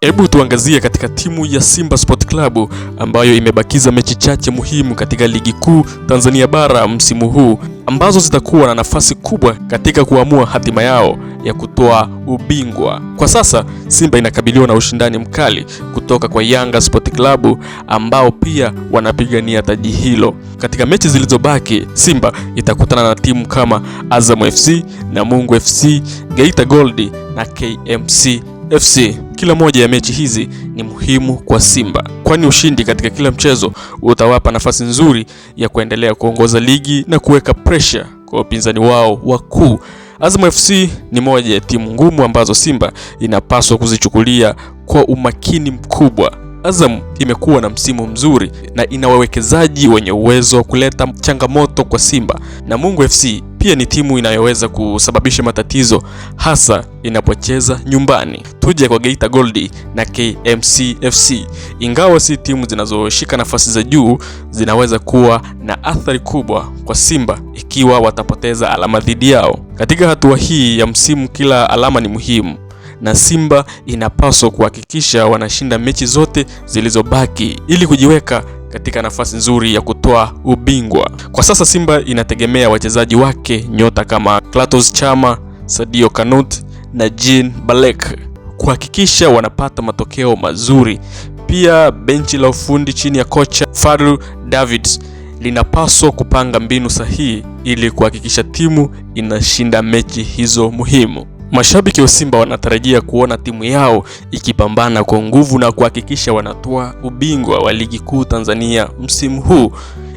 Hebu tuangazie katika timu ya Simba Sport Club ambayo imebakiza mechi chache muhimu katika ligi kuu Tanzania bara msimu huu ambazo zitakuwa na nafasi kubwa katika kuamua hatima yao ya kutoa ubingwa. Kwa sasa Simba inakabiliwa na ushindani mkali kutoka kwa Yanga Sport Club ambao pia wanapigania taji hilo. Katika mechi zilizobaki, Simba itakutana na timu kama Azam FC, Namungo FC, Geita Gold na KMC FC. Kila moja ya mechi hizi ni muhimu kwa Simba, kwani ushindi katika kila mchezo utawapa nafasi nzuri ya kuendelea kuongoza ligi na kuweka pressure kwa wapinzani wao wakuu. Azam FC ni moja ya timu ngumu ambazo Simba inapaswa kuzichukulia kwa umakini mkubwa. Azam imekuwa na msimu mzuri na ina wawekezaji wenye uwezo wa kuleta changamoto kwa Simba, na Mungu FC pia ni timu inayoweza kusababisha matatizo hasa inapocheza nyumbani. Tuje kwa Geita Gold na KMC FC. Ingawa si timu zinazoshika nafasi za juu, zinaweza kuwa na athari kubwa kwa Simba ikiwa watapoteza alama dhidi yao. Katika hatua hii ya msimu, kila alama ni muhimu na Simba inapaswa kuhakikisha wanashinda mechi zote zilizobaki ili kujiweka katika nafasi nzuri ya kutoa ubingwa. Kwa sasa Simba inategemea wachezaji wake nyota kama Clatous Chama, Sadio Kanut na Jean Balek kuhakikisha wanapata matokeo mazuri. Pia benchi la ufundi chini ya kocha Fadlu Davids linapaswa kupanga mbinu sahihi ili kuhakikisha timu inashinda mechi hizo muhimu. Mashabiki wa Simba wanatarajia kuona timu yao ikipambana kwa nguvu na kuhakikisha wanatoa ubingwa wa ligi kuu Tanzania msimu huu.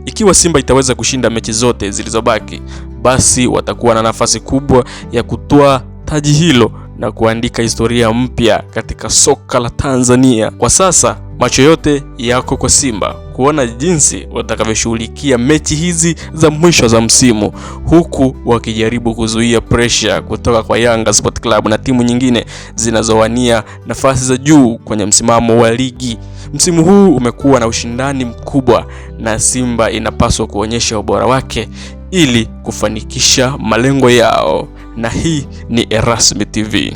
Ikiwa Simba itaweza kushinda mechi zote zilizobaki, basi watakuwa na nafasi kubwa ya kutoa taji hilo na kuandika historia mpya katika soka la Tanzania. Kwa sasa Macho yote yako kwa Simba kuona jinsi watakavyoshughulikia mechi hizi za mwisho za msimu, huku wakijaribu kuzuia presha kutoka kwa Yanga Sport Club na timu nyingine zinazowania nafasi za juu kwenye msimamo wa ligi. Msimu huu umekuwa na ushindani mkubwa na Simba inapaswa kuonyesha ubora wake ili kufanikisha malengo yao, na hii ni Erasmi TV.